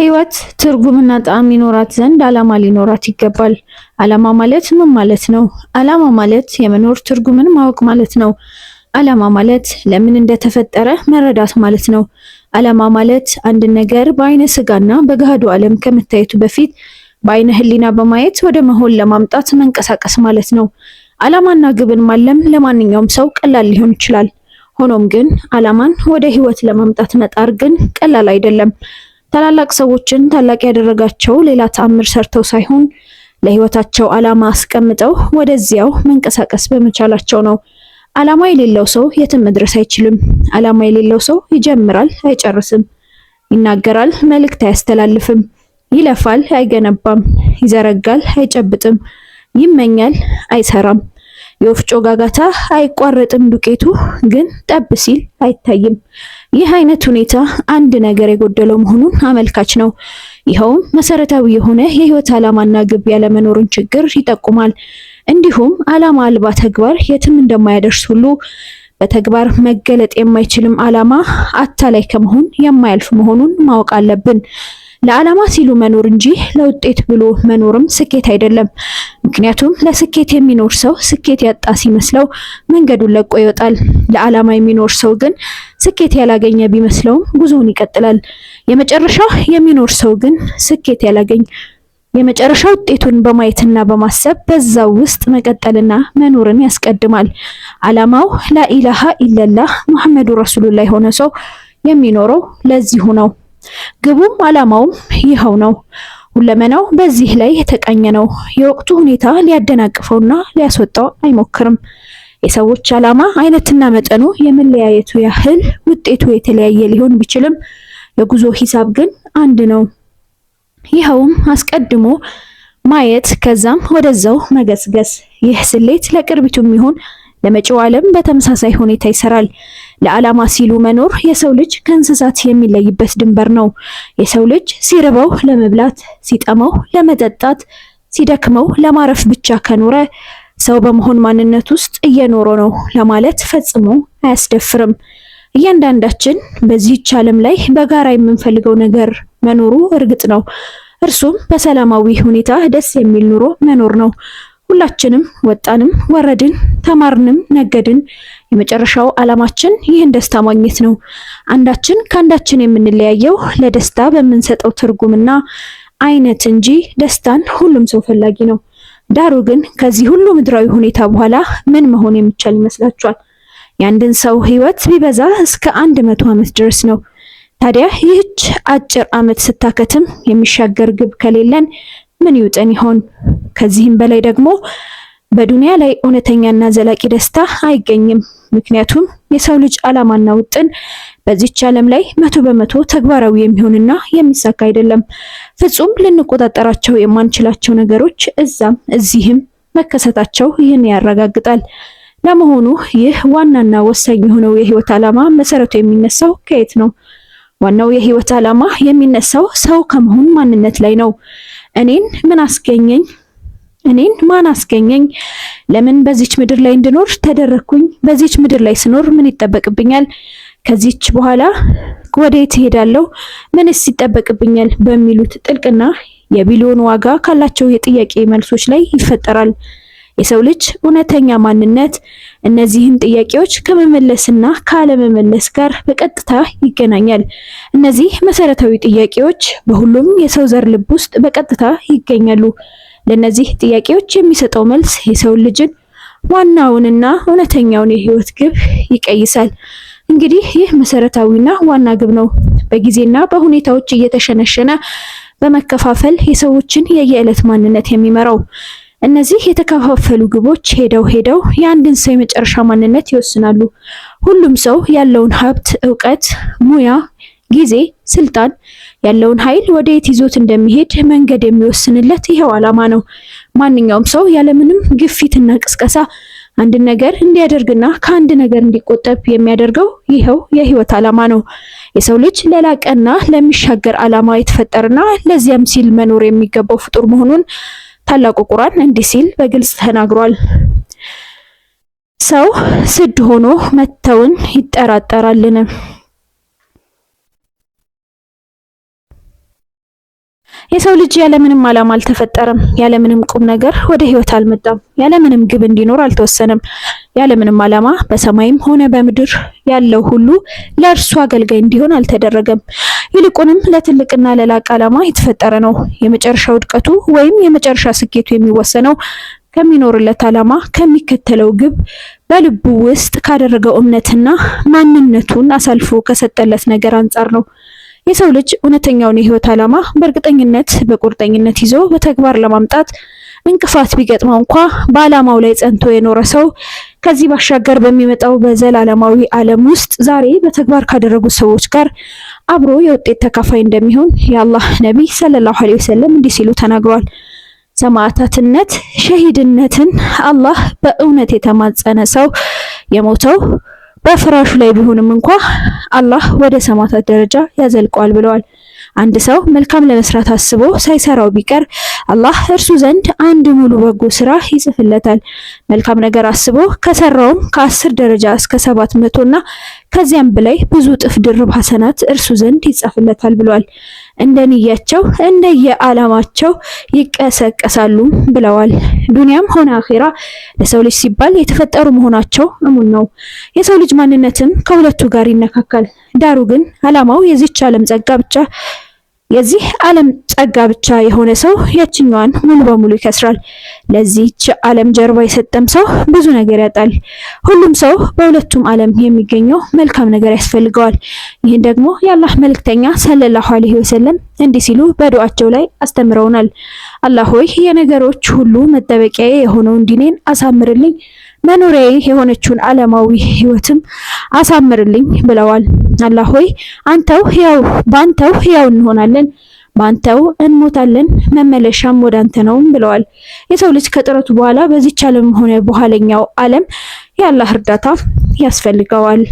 ህይወት ትርጉምና ጣዕም ሊኖራት ዘንድ አላማ ሊኖራት ይገባል። አላማ ማለት ምን ማለት ነው? አላማ ማለት የመኖር ትርጉምን ማወቅ ማለት ነው። አላማ ማለት ለምን እንደተፈጠረ መረዳት ማለት ነው። አላማ ማለት አንድ ነገር በአይነ ስጋና በገሃዱ ዓለም ከመታየቱ በፊት በአይነ ህሊና በማየት ወደ መሆን ለማምጣት መንቀሳቀስ ማለት ነው። አላማና ግብን ማለም ለማንኛውም ሰው ቀላል ሊሆን ይችላል። ሆኖም ግን አላማን ወደ ህይወት ለማምጣት መጣር ግን ቀላል አይደለም። ታላላቅ ሰዎችን ታላቅ ያደረጋቸው ሌላ ተአምር ሰርተው ሳይሆን ለህይወታቸው ዓላማ አስቀምጠው ወደዚያው መንቀሳቀስ በመቻላቸው ነው። ዓላማ የሌለው ሰው የትም መድረስ አይችልም። ዓላማ የሌለው ሰው ይጀምራል፣ አይጨርስም። ይናገራል፣ መልእክት አያስተላልፍም። ይለፋል፣ አይገነባም። ይዘረጋል፣ አይጨብጥም። ይመኛል፣ አይሰራም። የወፍጮ ጋጋታ አይቋረጥም፣ ዱቄቱ ግን ጠብ ሲል አይታይም። ይህ አይነት ሁኔታ አንድ ነገር የጎደለው መሆኑን አመልካች ነው። ይኸውም መሰረታዊ የሆነ የህይወት ዓላማና ግብ ያለመኖሩን ችግር ይጠቁማል። እንዲሁም ዓላማ አልባ ተግባር የትም እንደማያደርስ ሁሉ በተግባር መገለጥ የማይችልም ዓላማ አታላይ ከመሆን የማያልፍ መሆኑን ማወቅ አለብን። ለዓላማ ሲሉ መኖር እንጂ ለውጤት ብሎ መኖርም ስኬት አይደለም። ምክንያቱም ለስኬት የሚኖር ሰው ስኬት ያጣ ሲመስለው መንገዱን ለቆ ይወጣል። ለዓላማ የሚኖር ሰው ግን ስኬት ያላገኘ ቢመስለውም ጉዞውን ይቀጥላል። የመጨረሻው የሚኖር ሰው ግን ስኬት ያላገኝ የመጨረሻ ውጤቱን በማየትና በማሰብ በዛው ውስጥ መቀጠልና መኖርን ያስቀድማል። ዓላማው ላኢላሃ ኢለላህ ሙሐመዱ ረሱሉላህ የሆነ ሰው የሚኖረው ለዚሁ ነው። ግቡም ዓላማውም ይኸው ነው። ሁለመናው በዚህ ላይ የተቃኘ ነው። የወቅቱ ሁኔታ ሊያደናቅፈውና ሊያስወጣው አይሞክርም። የሰዎች ዓላማ አይነትና መጠኑ የመለያየቱ ያህል ውጤቱ የተለያየ ሊሆን ቢችልም የጉዞ ሂሳብ ግን አንድ ነው። ይኸውም አስቀድሞ ማየት ከዛም ወደዛው መገስገስ። ይህ ስሌት ለቅርቢቱም ይሁን ለመጪው ዓለም በተመሳሳይ ሁኔታ ይሰራል። ለዓላማ ሲሉ መኖር የሰው ልጅ ከእንስሳት የሚለይበት ድንበር ነው። የሰው ልጅ ሲርበው ለመብላት፣ ሲጠመው ለመጠጣት፣ ሲደክመው ለማረፍ ብቻ ከኖረ ሰው በመሆን ማንነት ውስጥ እየኖረ ነው ለማለት ፈጽሞ አያስደፍርም። እያንዳንዳችን በዚህች ዓለም ላይ በጋራ የምንፈልገው ነገር መኖሩ እርግጥ ነው። እርሱም በሰላማዊ ሁኔታ ደስ የሚል ኑሮ መኖር ነው። ሁላችንም ወጣንም ወረድን ተማርንም ነገድን የመጨረሻው ዓላማችን ይህን ደስታ ማግኘት ነው። አንዳችን ከአንዳችን የምንለያየው ለደስታ በምንሰጠው ትርጉምና አይነት እንጂ ደስታን ሁሉም ሰው ፈላጊ ነው። ዳሩ ግን ከዚህ ሁሉ ምድራዊ ሁኔታ በኋላ ምን መሆን የሚቻል ይመስላችኋል? የአንድን ሰው ህይወት ቢበዛ እስከ አንድ መቶ ዓመት ድረስ ነው። ታዲያ ይህች አጭር ዓመት ስታከትም የሚሻገር ግብ ከሌለን ምን ይውጠን ይሆን? ከዚህም በላይ ደግሞ በዱንያ ላይ እውነተኛና ዘላቂ ደስታ አይገኝም። ምክንያቱም የሰው ልጅ ዓላማና ውጥን በዚች ዓለም ላይ መቶ በመቶ ተግባራዊ የሚሆንና የሚሳካ አይደለም። ፍጹም ልንቆጣጠራቸው የማንችላቸው ነገሮች እዛም እዚህም መከሰታቸው ይህን ያረጋግጣል። ለመሆኑ ይህ ዋናና ወሳኝ የሆነው የህይወት ዓላማ መሰረቱ የሚነሳው ከየት ነው? ዋናው የህይወት ዓላማ የሚነሳው ሰው ከመሆን ማንነት ላይ ነው። እኔን ምን አስገኘኝ? እኔን ማን አስገኘኝ? ለምን በዚች ምድር ላይ እንድኖር ተደረግኩኝ? በዚች ምድር ላይ ስኖር ምን ይጠበቅብኛል? ከዚች በኋላ ወዴት እሄዳለሁ? ምንስ ይጠበቅብኛል? በሚሉት ጥልቅና የቢሊዮን ዋጋ ካላቸው የጥያቄ መልሶች ላይ ይፈጠራል። የሰው ልጅ እውነተኛ ማንነት እነዚህን ጥያቄዎች ከመመለስና ካለመመለስ ጋር በቀጥታ ይገናኛል። እነዚህ መሰረታዊ ጥያቄዎች በሁሉም የሰው ዘር ልብ ውስጥ በቀጥታ ይገኛሉ። ለእነዚህ ጥያቄዎች የሚሰጠው መልስ የሰው ልጅን ዋናውንና እውነተኛውን የህይወት ግብ ይቀይሳል። እንግዲህ ይህ መሰረታዊና ዋና ግብ ነው። በጊዜና በሁኔታዎች እየተሸነሸነ በመከፋፈል የሰዎችን የየዕለት ማንነት የሚመራው እነዚህ የተከፋፈሉ ግቦች ሄደው ሄደው የአንድን ሰው የመጨረሻ ማንነት ይወስናሉ። ሁሉም ሰው ያለውን ሀብት፣ እውቀት፣ ሙያ፣ ጊዜ፣ ስልጣን ያለውን ኃይል ወደ የት ይዞት እንደሚሄድ መንገድ የሚወስንለት ይሄው ዓላማ ነው። ማንኛውም ሰው ያለምንም ግፊትና ቅስቀሳ አንድ ነገር እንዲያደርግና ከአንድ ነገር እንዲቆጠብ የሚያደርገው ይኸው የህይወት ዓላማ ነው። የሰው ልጅ ለላቀና ለሚሻገር ዓላማ የተፈጠረና ለዚያም ሲል መኖር የሚገባው ፍጡር መሆኑን ታላቁ ቁርአን እንዲህ ሲል በግልጽ ተናግሯል። ሰው ስድ ሆኖ መተውን ይጠራጠራልን? የሰው ልጅ ያለምንም ዓላማ አልተፈጠረም። ያለምንም ቁም ነገር ወደ ህይወት አልመጣም። ያለምንም ግብ እንዲኖር አልተወሰነም። ያለምንም ዓላማ በሰማይም ሆነ በምድር ያለው ሁሉ ለእርሱ አገልጋይ እንዲሆን አልተደረገም። ይልቁንም ለትልቅና ለላቅ ዓላማ የተፈጠረ ነው። የመጨረሻ ውድቀቱ ወይም የመጨረሻ ስኬቱ የሚወሰነው ከሚኖርለት ዓላማ፣ ከሚከተለው ግብ፣ በልቡ ውስጥ ካደረገው እምነትና ማንነቱን አሳልፎ ከሰጠለት ነገር አንጻር ነው። የሰው ልጅ እውነተኛውን የህይወት ዓላማ በእርግጠኝነት በቁርጠኝነት ይዞ በተግባር ለማምጣት እንቅፋት ቢገጥመው እንኳ በዓላማው ላይ ጸንቶ የኖረ ሰው ከዚህ ባሻገር በሚመጣው በዘላለማዊ ዓለም ውስጥ ዛሬ በተግባር ካደረጉ ሰዎች ጋር አብሮ የውጤት ተካፋይ እንደሚሆን የአላህ ነቢይ ሰለላሁ ዐለይሂ ወሰለም እንዲህ ሲሉ ተናግሯል። ሰማዕታትነት ሸሂድነትን አላህ በእውነት የተማጸነ ሰው የሞተው በፍራሹ ላይ ቢሆንም እንኳ አላህ ወደ ሰማታት ደረጃ ያዘልቀዋል ብለዋል። አንድ ሰው መልካም ለመስራት አስቦ ሳይሰራው ቢቀር አላህ እርሱ ዘንድ አንድ ሙሉ በጎ ስራ ይጽፍለታል። መልካም ነገር አስቦ ከሰራውም ከአስር ደረጃ እስከ ሰባት እና ከዚያም በላይ ብዙ እጥፍ ድርብ ሐሰናት እርሱ ዘንድ ይጻፍለታል ብለዋል። እንደንያቸው እንደየዓላማቸው ይቀሰቀሳሉ ብለዋል። ዱንያም ሆነ አኼራ ለሰው ልጅ ሲባል የተፈጠሩ መሆናቸው እሙን ነው። የሰው ልጅ ማንነትም ከሁለቱ ጋር ይነካካል። ዳሩ ግን ዓላማው የዚች ዓለም ጸጋ ብቻ የዚህ ዓለም ጸጋ ብቻ የሆነ ሰው የችኛዋን ሙሉ በሙሉ ይከስራል። ለዚህች ዓለም ጀርባ የሰጠም ሰው ብዙ ነገር ያጣል። ሁሉም ሰው በሁለቱም ዓለም የሚገኘው መልካም ነገር ያስፈልገዋል። ይህን ደግሞ የአላህ መልእክተኛ ሰለላሁ ዐለይሂ ወሰለም እንዲህ ሲሉ በዱዓቸው ላይ አስተምረውናል። አላህ ሆይ የነገሮች ሁሉ መጠበቂያ የሆነውን ዲኔን አሳምርልኝ መኖሪያዬ የሆነችውን ዓለማዊ ህይወትም አሳምርልኝ ብለዋል። አላህ ሆይ አንተው ሕያው ባንተው ሕያው እንሆናለን ባንተው እንሞታለን መመለሻም ወደ አንተ ነው ብለዋል። የሰው ልጅ ከጥረቱ በኋላ በዚች ዓለም ሆነ በኋለኛው ዓለም የአላህ እርዳታ ያስፈልገዋል።